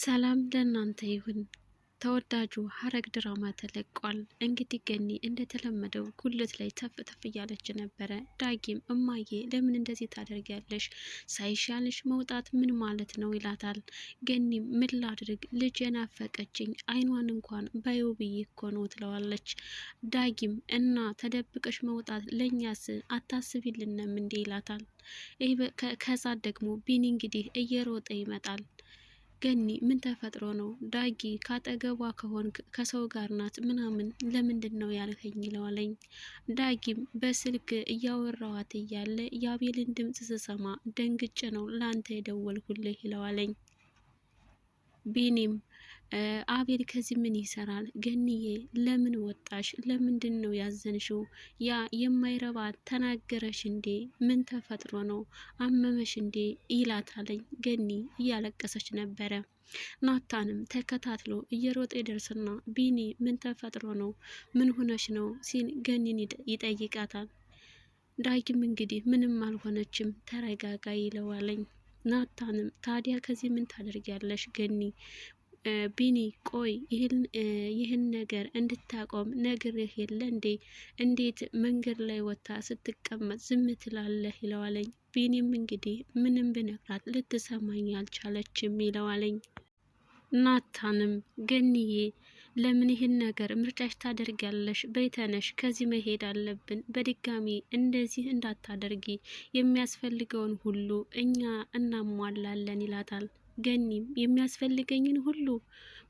ሰላም ለእናንተ ይሁን። ተወዳጁ ሐረግ ድራማ ተለቋል። እንግዲህ ገኒ እንደተለመደው ጉልት ላይ ተፍ ተፍ እያለች ነበረ። ዳጊም እማዬ ለምን እንደዚህ ታደርጊያለሽ? ሳይሻልሽ መውጣት ምን ማለት ነው ይላታል። ገኒም ምን ላድርግ ልጅ የናፈቀችኝ አይኗን እንኳን ባዩ ብዬ እኮ ነው ትለዋለች። ዳጊም እና ተደብቀሽ መውጣት ለእኛስ አታስቢልንም እንዴ ይላታል። ከዛ ደግሞ ቢኒ እንግዲህ እየሮጠ ይመጣል። ገኒ ምን ተፈጥሮ ነው ዳጊ ካጠገቧ ከሆን ከሰው ጋር ናት ምናምን ለምንድን ነው ያልከኝ? ይለዋለኝ። ዳጊም በስልክ እያወራዋት እያለ የአቤልን ድምፅ ስሰማ ደንግጬ ነው ለአንተ የደወልኩልህ ይለዋለኝ። ቢኒም አቤል ከዚህ ምን ይሰራል? ገንዬ ለምን ወጣሽ? ለምንድን ነው ያዘንሽው? ያ የማይረባ ተናገረሽ እንዴ? ምን ተፈጥሮ ነው? አመመሽ እንዴ? ይላታለኝ ገኒ እያለቀሰች ነበረ። ናታንም ተከታትሎ እየሮጠ ይደርስና ቢኒ ምን ተፈጥሮ ነው? ምን ሆነሽ ነው? ሲል ገኒን ይጠይቃታል። ዳጊም እንግዲህ ምንም አልሆነችም ተረጋጋ ይለዋለኝ። ናታንም ታዲያ ከዚህ ምን ታደርጊያለሽ ገኒ? ቢኒ ቆይ ይህን ነገር እንድታቆም ነግሬህ የለ እንዴ? እንዴት መንገድ ላይ ወጥታ ስትቀመጥ ዝም ትላለህ? ይለዋለኝ። ቢኒም እንግዲህ ምንም ብነግራት ልትሰማኝ አልቻለችም ይለዋለኝ። ናታንም ገንዬ ለምን ይህን ነገር ምርጫሽ ታደርጊያለሽ? በይተነሽ ከዚህ መሄድ አለብን። በድጋሚ እንደዚህ እንዳታደርጊ፣ የሚያስፈልገውን ሁሉ እኛ እናሟላለን ይላታል። ገኒም የሚያስፈልገኝን ሁሉ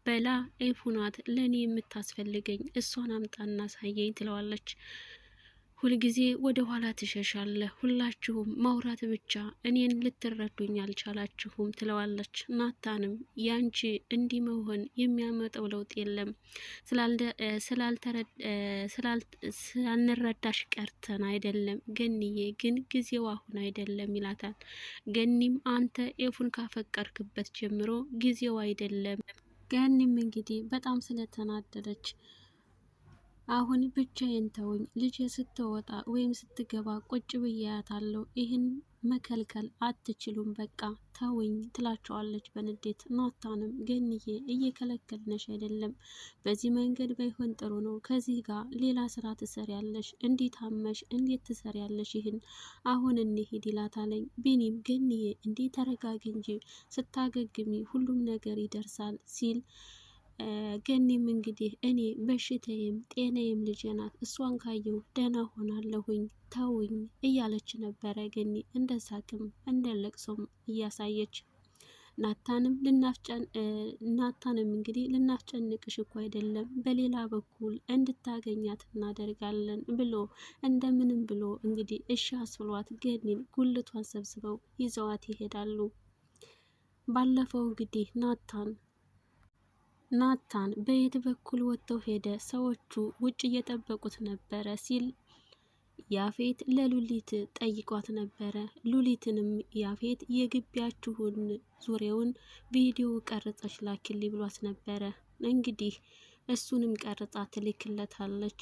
በላ ኤፉናት ለእኔ የምታስፈልገኝ እሷን አምጣና ሳየኝ ትለዋለች። ሁልጊዜ ወደ ኋላ ትሸሻለህ፣ ሁላችሁም ማውራት ብቻ እኔን ልትረዱኝ አልቻላችሁም ትለዋለች። ናታንም ያንቺ እንዲህ መሆን የሚያመጣው ለውጥ የለም ስላልተረዳሽ ቀርተን አይደለም ገንዬ፣ ግን ጊዜው አሁን አይደለም ይላታል። ገኒም አንተ ኤፉን ካፈቀርክበት ጀምሮ ጊዜው አይደለም። ገኒም እንግዲህ በጣም ስለተናደደች አሁን ብቻዬን ተውኝ። ልጄ ስትወጣ ወይም ስትገባ ቁጭ ብያታለሁ። ይህን መከልከል አትችሉም፣ በቃ ተውኝ ትላቸዋለች በንዴት። ናታንም ገንዬ እየከለከልነሽ አይደለም፣ በዚህ መንገድ ባይሆን ጥሩ ነው። ከዚህ ጋር ሌላ ስራ ትሰሪያለሽ፣ እንዴት አመሽ፣ እንዴት ትሰሪያለሽ? ይህን አሁን እንሄድ ይላታለኝ። ቢኒም ገንዬ እንዴ ተረጋጊ እንጂ ስታገግሚ ሁሉም ነገር ይደርሳል ሲል ገኒም እንግዲህ እኔ በሽታዬም ጤናዬም ልጄ ናት፣ እሷን ካየሁ ደህና ሆናለሁኝ ተውኝ እያለች ነበረ። ገኒ እንደ ሳቅም እንደ ለቅሶም እያሳየች ናታንም ናታንም እንግዲህ ልናፍጨንቅሽ እኮ አይደለም፣ በሌላ በኩል እንድታገኛት እናደርጋለን ብሎ እንደምንም ብሎ እንግዲህ እሺ አስብሏት ገኒን ጉልቷን ሰብስበው ይዘዋት ይሄዳሉ። ባለፈው እንግዲህ ናታን ናታን በየት በኩል ወጥተው ሄደ? ሰዎቹ ውጭ እየጠበቁት ነበረ ሲል ያፌት ለሉሊት ጠይቋት ነበረ። ሉሊትንም ያፌት የግቢያችሁን ዙሪያውን ቪዲዮ ቀርጸች ላኪል ብሏት ነበረ። እንግዲህ እሱንም ቀርጻ ትልክለታለች።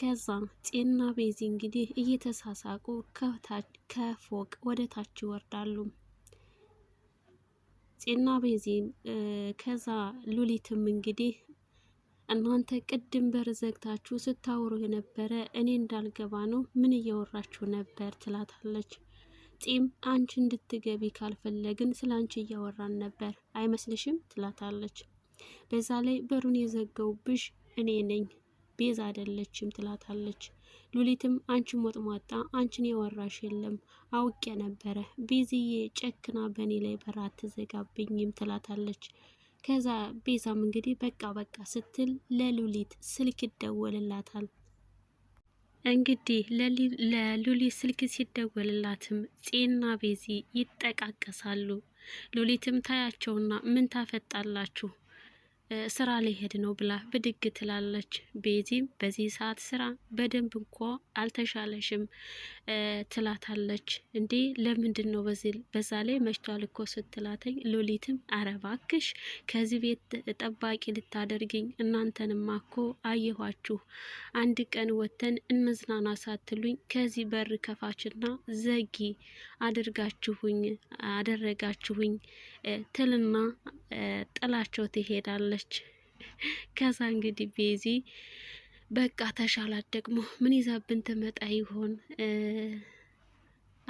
ከዛ ጤና ቤዚ እንግዲህ እየተሳሳቁ ከፎቅ ወደ ታች ይወርዳሉ። ጤና ቤዚም ከዛ ሉሊትም እንግዲህ እናንተ ቅድም በር ዘግታችሁ ስታወሩ የነበረ እኔ እንዳልገባ ነው፣ ምን እያወራችሁ ነበር ትላታለች። ጺም አንቺ እንድትገቢ ካልፈለግን ስለ አንቺ እያወራን ነበር አይመስልሽም? ትላታለች። በዛ ላይ በሩን ብዥ እኔ ነኝ ቤዛ አይደለችም ትላታለች። ሉሊትም አንቺ ሞጥሟጣ፣ አንቺን የወራሽ የለም አውቄ ነበረ። ቤዝዬ ጨክና በእኔ ላይ በራ ትዘጋብኝም ትላታለች። ከዛ ቤዛም እንግዲህ በቃ በቃ ስትል ለሉሊት ስልክ ይደወልላታል። እንግዲህ ለሉሊት ስልክ ሲደወልላትም ፄና ቤዚ ይጠቃቀሳሉ። ሉሊትም ታያቸውና ምን ታፈጣላችሁ ስራ ሊሄድ ነው ብላ ብድግ ትላለች። ቤዚም በዚህ ሰዓት ስራ በደንብ እንኳ አልተሻለሽም ትላታለች። እንዴ ለምንድን ነው በዛ ላይ መሽቷል እኮ ስትላተኝ፣ ሎሊትም አረባክሽ ከዚህ ቤት ጠባቂ ልታደርግኝ እናንተንማ እኮ አየኋችሁ። አንድ ቀን ወተን እንዝናና ሳትሉኝ ከዚህ በር ከፋችና ዘጊ አድርጋችሁኝ አደረጋችሁኝ ትልና ጥላቸው ትሄዳለች። ከዛ እንግዲህ ቤዚ በቃ ተሻላት። ደግሞ ምን ይዛብን ትመጣ ይሆን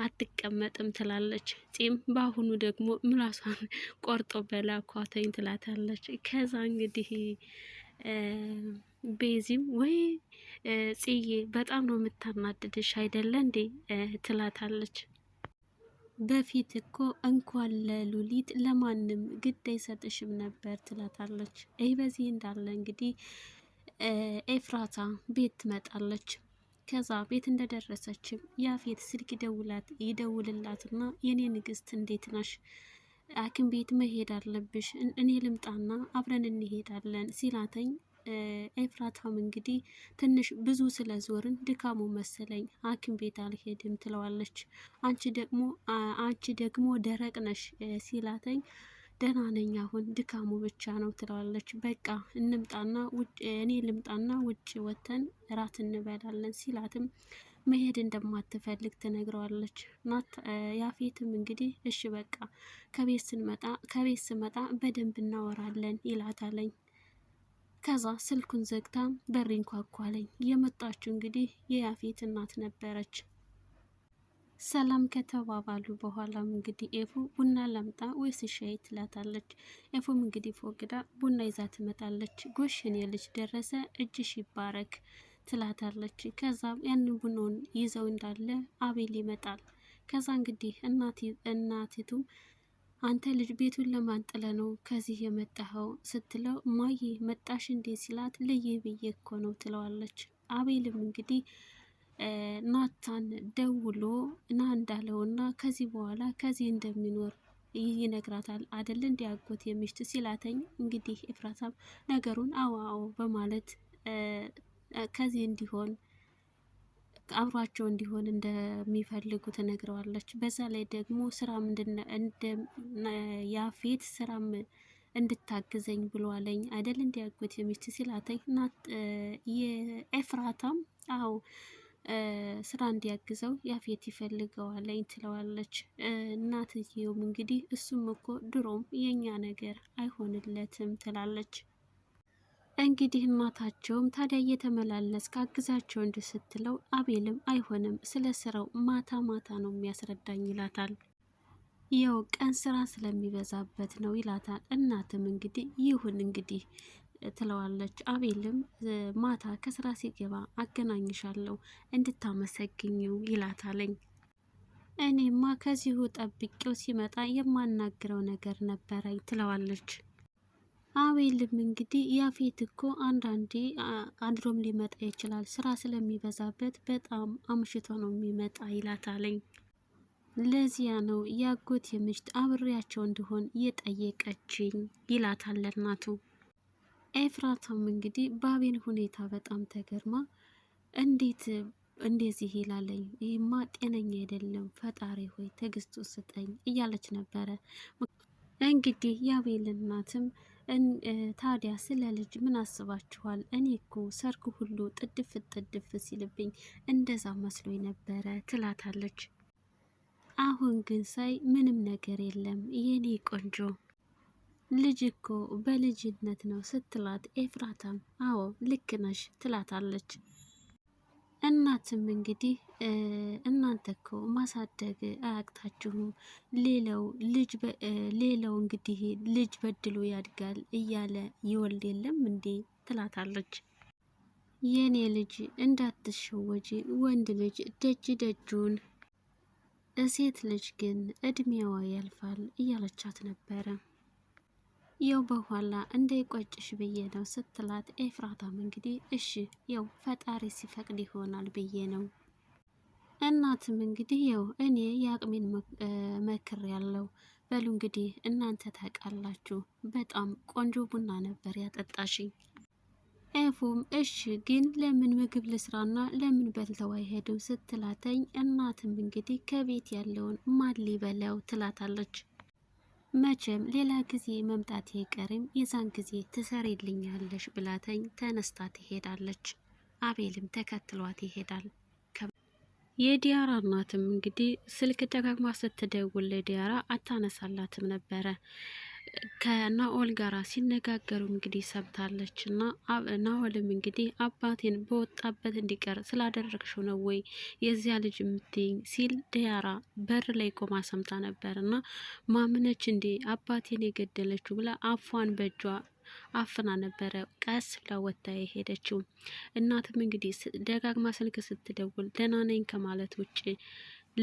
አትቀመጥም ትላለች። ጺም በአሁኑ ደግሞ ምላሷን ቆርጦ በላ ኳተኝ ትላታለች። ከዛ እንግዲህ ቤዚም ወይ ጽዬ በጣም ነው የምታናድድሽ አይደለ እንዴ ትላታለች። በፊት እኮ እንኳን ለሉሊት ለማንም ግድ አይሰጥሽም ነበር ትላታለች። ይህ በዚህ እንዳለ እንግዲህ ኤፍራታ ቤት ትመጣለች። ከዛ ቤት እንደደረሰችም ያፌት ስልክ ይደውላት ይደውልላትና የኔ ንግስት እንዴት ነሽ? ሐኪም ቤት መሄድ አለብሽ እኔ ልምጣና አብረን እንሄዳለን ሲላተኝ ኤፍራታም እንግዲህ ትንሽ ብዙ ስለ ዞርን ድካሙ መሰለኝ ሐኪም ቤት አልሄድም ትለዋለች። አንቺ ደግሞ አንቺ ደግሞ ደረቅ ነሽ ሲላተኝ ደህና ነኝ አሁን ድካሙ ብቻ ነው ትለዋለች። በቃ እንምጣና ውጭ እኔ ልምጣና ውጭ ወተን እራት እንበላለን ሲላትም መሄድ እንደማትፈልግ ትነግረዋለች። ናት ያፌትም እንግዲህ እሺ በቃ ከቤት ስንመጣ ከቤት ስመጣ በደንብ እናወራለን ይላታለኝ። ከዛ ስልኩን ዘግታ በር ይንኳኳለኝ። የመጣችው እንግዲህ የያፌት እናት ነበረች። ሰላም ከተባባሉ በኋላም እንግዲህ ኤፉ ቡና ለምጣ ወይስ ሻይ ትላታለች። ኤፉም እንግዲህ ፎግዳ ቡና ይዛ ትመጣለች። ጎሽን የልጅ ደረሰ እጅሽ ይባረክ ትላታለች። ከዛ ያንን ቡናውን ይዘው እንዳለ አቤል ይመጣል። ከዛ እንግዲህ እናትቱ አንተ ልጅ ቤቱን ለማንጥለ ነው ከዚህ የመጣኸው ስትለው ማዬ መጣሽ እንዴ ሲላት ልይ ብዬ እኮ ነው ትለዋለች። አቤልም እንግዲህ ናታን ደውሎ ና እና ከዚህ በኋላ ከዚህ እንደሚኖር ይነግራታል አደል እንዲ አጎት የሚሽት ሲላተኝ እንግዲህ ኤፍራታም ነገሩን አዎ አዎ በማለት ከዚህ እንዲሆን አብሯቸው እንዲሆን እንደሚፈልጉ ትነግረዋለች። በዛ ላይ ደግሞ ስራም ያፌት ስራም እንድታግዘኝ ብሏለኝ አደል እንዲ አጎት የሚሽት ሲላተኝ ናት የኤፍራታም አዎ ስራ እንዲያግዘው ያፌት ይፈልገዋል ትለዋለች። እናትየውም እንግዲህ እሱም እኮ ድሮም የኛ ነገር አይሆንለትም ትላለች። እንግዲህ እናታቸውም ታዲያ እየተመላለስ ካግዛቸው እንድ ስትለው አቤልም አይሆንም ስለ ስራው ማታ ማታ ነው የሚያስረዳኝ ይላታል። ያው ቀን ስራ ስለሚበዛበት ነው ይላታል። እናትም እንግዲህ ይሁን እንግዲህ ትለዋለች። አቤልም ማታ ከስራ ሲገባ አገናኝሻለሁ እንድታመሰግኘው ይላታለኝ። እኔማ ከዚሁ ጠብቄው ሲመጣ የማናግረው ነገር ነበረኝ ትለዋለች። አቤልም እንግዲህ ያፌት እኮ አንዳንዴ አድሮም ሊመጣ ይችላል፣ ስራ ስለሚበዛበት በጣም አምሽቶ ነው የሚመጣ ይላታለኝ። ለዚያ ነው ያጎት የምሽት አብሬያቸው እንደሆን የጠየቀችኝ ይላታለናቱ። ኤፍራታም እንግዲህ ባቤል ሁኔታ በጣም ተገርማ እንዴት እንደዚህ ይላለኝ? ይህማ ጤነኛ አይደለም፣ ፈጣሪ ሆይ ትዕግስቱ ስጠኝ እያለች ነበረ። እንግዲህ የአቤል እናትም ታዲያ ስለ ልጅ ምን አስባችኋል? እኔ እኮ ሰርጉ ሁሉ ጥድፍ ጥድፍ ሲልብኝ እንደዛ መስሎኝ ነበረ ትላታለች። አሁን ግን ሳይ ምንም ነገር የለም የኔ ቆንጆ ልጅ እኮ በልጅነት ነው ስትላት ኤፍራታም አዎ ልክ ነሽ ትላታለች። እናትም እንግዲህ እናንተ እኮ ማሳደግ አያቅታችሁም፣ ሌላው ልጅ ሌላው እንግዲህ ልጅ በድሎ ያድጋል እያለ ይወልድ የለም እንዴ ትላታለች። የኔ ልጅ እንዳትሸወጂ፣ ወንድ ልጅ ደጅ ደጁን፣ እሴት ልጅ ግን እድሜዋ ያልፋል እያለቻት ነበረ። የው በኋላ ቆጭሽ ብዬ ነው ስትላት፣ ኤፍራታም እንግዲህ እሺ የው ፈጣሪ ሲፈቅድ ይሆናል ብዬ ነው። እናትም እንግዲህ የው እኔ የአቅሜን መክር ያለው በሉ እንግዲህ እናንተ ታውቃላችሁ። በጣም ቆንጆ ቡና ነበር ያጠጣሽኝ። ኤፉም እሺ ግን ለምን ምግብ ልስራና ለምን በልተው አይሄድም ስትላተኝ፣ እናትም እንግዲህ ከቤት ያለውን ማን ሊበላው ትላታለች። መቼም ሌላ ጊዜ መምጣት አይቀርም የዛን ጊዜ ትሰሪልኛለሽ ብላተኝ ተነስታ ትሄዳለች። አቤልም ተከትሏት ይሄዳል። የዲያራ እናትም እንግዲህ ስልክ ደጋግማ ስትደውል ዲያራ አታነሳላትም ነበረ። ከናኦል ጋር ሲነጋገሩ እንግዲህ ሰብታለች እና ናኦልም እንግዲህ አባቴን በወጣበት እንዲቀር ስላደረግሽው ነው ወይ የዚያ ልጅ የምትይኝ ሲል ዲያራ በር ላይ ቆማ ሰምታ ነበር እና ማምነች እንዴ አባቴን የገደለችው ብላ አፏን በእጇ አፍና ነበረ። ቀስ ብላ ወታ የሄደችው እናትም እንግዲህ ደጋግማ ስልክ ስትደውል ደህና ነኝ ከማለት ውጭ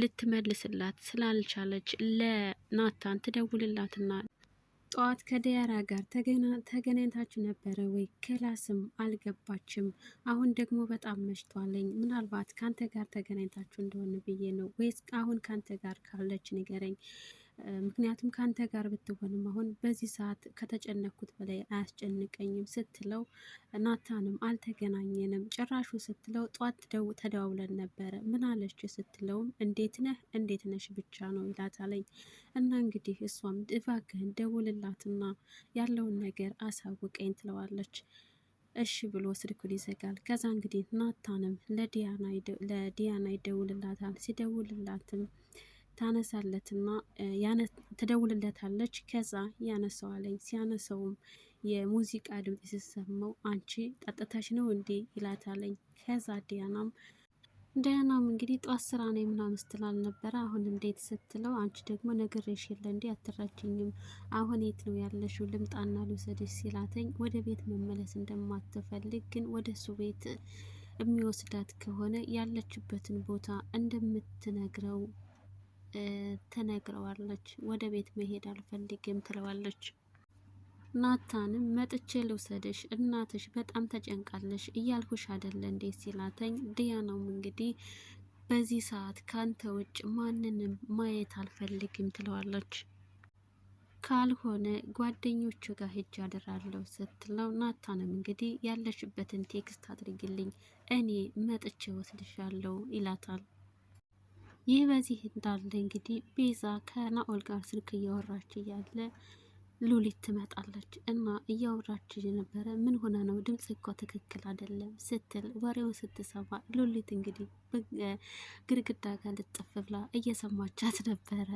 ልትመልስላት ስላልቻለች ለናታን ትደውልላትና ጠዋት ከዲያራ ጋር ተገናኝታችሁ ነበረ ወይ? ክላስም አልገባችም። አሁን ደግሞ በጣም መሽቷለኝ። ምናልባት ካንተ ጋር ተገናኝታችሁ እንደሆነ ብዬ ነው። ወይስ አሁን ከአንተ ጋር ካለች ንገረኝ። ምክንያቱም ከአንተ ጋር ብትሆንም አሁን በዚህ ሰዓት ከተጨነኩት በላይ አያስጨንቀኝም ስትለው፣ ናታንም አልተገናኘንም ጭራሹ ስትለው፣ ጧት ደው ተደዋውለን ነበረ ምን አለች ስትለውም፣ እንዴት ነህ እንዴት ነሽ ብቻ ነው ይላታለኝ እና እንግዲህ እሷም እባክህን ደውልላትና ያለውን ነገር አሳውቀኝ ትለዋለች። እሺ ብሎ ስልኩን ይዘጋል። ከዛ እንግዲህ ናታንም ለዲያና ይደውልላታል። ሲደውልላትም ታነሳለትና ትደውልለታለች። ከዛ ያነሰዋለኝ ሲያነሰውም የሙዚቃ ድምፅ ሲሰማው አንቺ ጠጥተሽ ነው እንዴ ይላታለኝ። ከዛ ዲያናም ዲያናም እንግዲህ ጧት ስራ ነው ምናምን ስትላል ነበረ። አሁን እንዴት ስትለው አንቺ ደግሞ ነግሬሽ የለ እንዴ አትረጅኝም? አሁን የት ነው ያለሽው? ልምጣና ልውሰድሽ ሲላተኝ ወደ ቤት መመለስ እንደማትፈልግ ግን ወደ እሱ ቤት የሚወስዳት ከሆነ ያለችበትን ቦታ እንደምትነግረው ትነግረዋለች። ወደ ቤት መሄድ አልፈልግም ትለዋለች። ናታንም መጥቼ ልውሰድሽ፣ እናትሽ በጣም ተጨንቃለሽ እያልኩሽ አደለ እንዴ ሲላተኝ ዲያናውም እንግዲህ በዚህ ሰዓት ካንተ ውጭ ማንንም ማየት አልፈልግም ትለዋለች። ካልሆነ ጓደኞቹ ጋር ሄጅ አድራለሁ ስትለው ናታንም እንግዲህ ያለሽበትን ቴክስት አድርግልኝ እኔ መጥቼ ወስድሻለሁ ይላታል። ይህ በዚህ እንዳለ እንግዲህ ቤዛ ከናኦል ጋር ስልክ እያወራች እያለ ሉሊት ትመጣለች እና እያወራች የነበረ ምን ሆነ ነው ድምጽ እኮ ትክክል አይደለም ስትል ወሬውን ስትሰማ ሉሊት እንግዲህ ግድግዳ ጋር ልጥፍ ብላ እየሰማቻት ነበረ።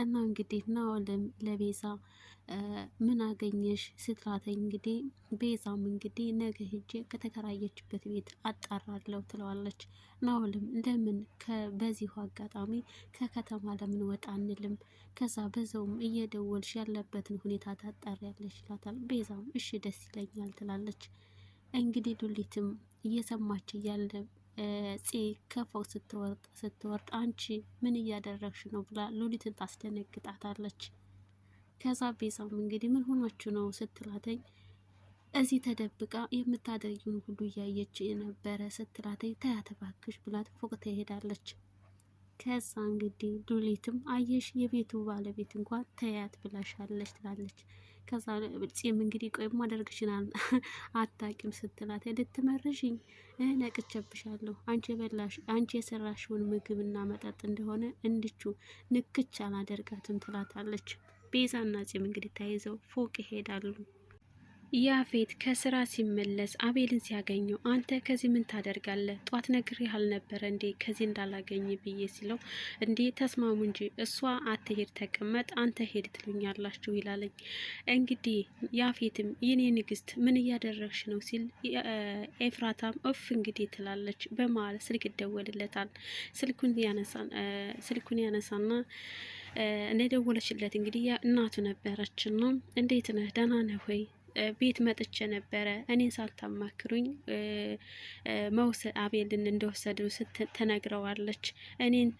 እና እንግዲህ ናኦልም ለቤዛ ምን አገኘሽ ስትላተኝ እንግዲህ ቤዛም እንግዲህ ነገ ሄጄ ከተከራየችበት ቤት አጣራለሁ ትለዋለች። ናኦልም ለምን በዚሁ አጋጣሚ ከከተማ ለምን ወጣ አንልም፣ ከዛ በዛውም እየደወልሽ ያለበትን ሁኔታ ታጣሪያለሽ ይላታል። ቤዛም እሺ ደስ ይለኛል ትላለች። እንግዲህ ዱሊትም እየሰማች እያለ ፂ ከፎቅ ስትወርጥ ስትወርጥ አንቺ ምን እያደረግሽ ነው ብላ ሉሊትን ታስደነግጣታለች። ከዛ ቤዛም እንግዲህ ምን ሆናችሁ ነው ስትላተኝ እዚህ ተደብቃ የምታደርጊውን ሁሉ እያየች የነበረ ስትላተኝ ተያተባክሽ ብላት ፎቅ ትሄዳለች። ከዛ እንግዲህ ሉሊትም አየሽ የቤቱ ባለቤት እንኳን ተያት ብላሻለች ትላለች። ከዛ ጺም እንግዲህ ቆይ ማደርግሽን አታቂም ስትላት ልትመርሽኝ ነቅቼብሻለሁ። አንቺ የበላሽ አንቺ የሰራሽውን ምግብና መጠጥ እንደሆነ እንድቹ ንክች አላደርጋትም ትላታለች። ቤዛና ጺም እንግዲህ ተያይዘው ፎቅ ይሄዳሉ። ያፌት ከስራ ሲመለስ አቤልን ሲያገኘው አንተ ከዚህ ምን ታደርጋለህ? ጧት ያህል ነበረ እንዴ ከዚህ እንዳላገኝ ብዬ ሲለው እንዴ ተስማሙ እንጂ እሷ አትሄድ ተቀመጥ፣ አንተ ሄድ ትሉኛላችሁ ይላለኝ። እንግዲህ ያፌትም የኔ ንግስት ምን እያደረግሽ ነው ሲል ኤፍራታም እፍ እንግዲህ ትላለች። በመሀል ስልክ ይደወልለታል። ስልኩን ያነሳና እንደደወለችለት እንግዲህ እናቱ ነበረችና እንዴት ነህ ደህና ነህ ወይ ቤት መጥቼ ነበረ እኔን ሳታማክሩኝ መውሰ አቤልን እንደወሰዱ ስትነግረዋለች እኔን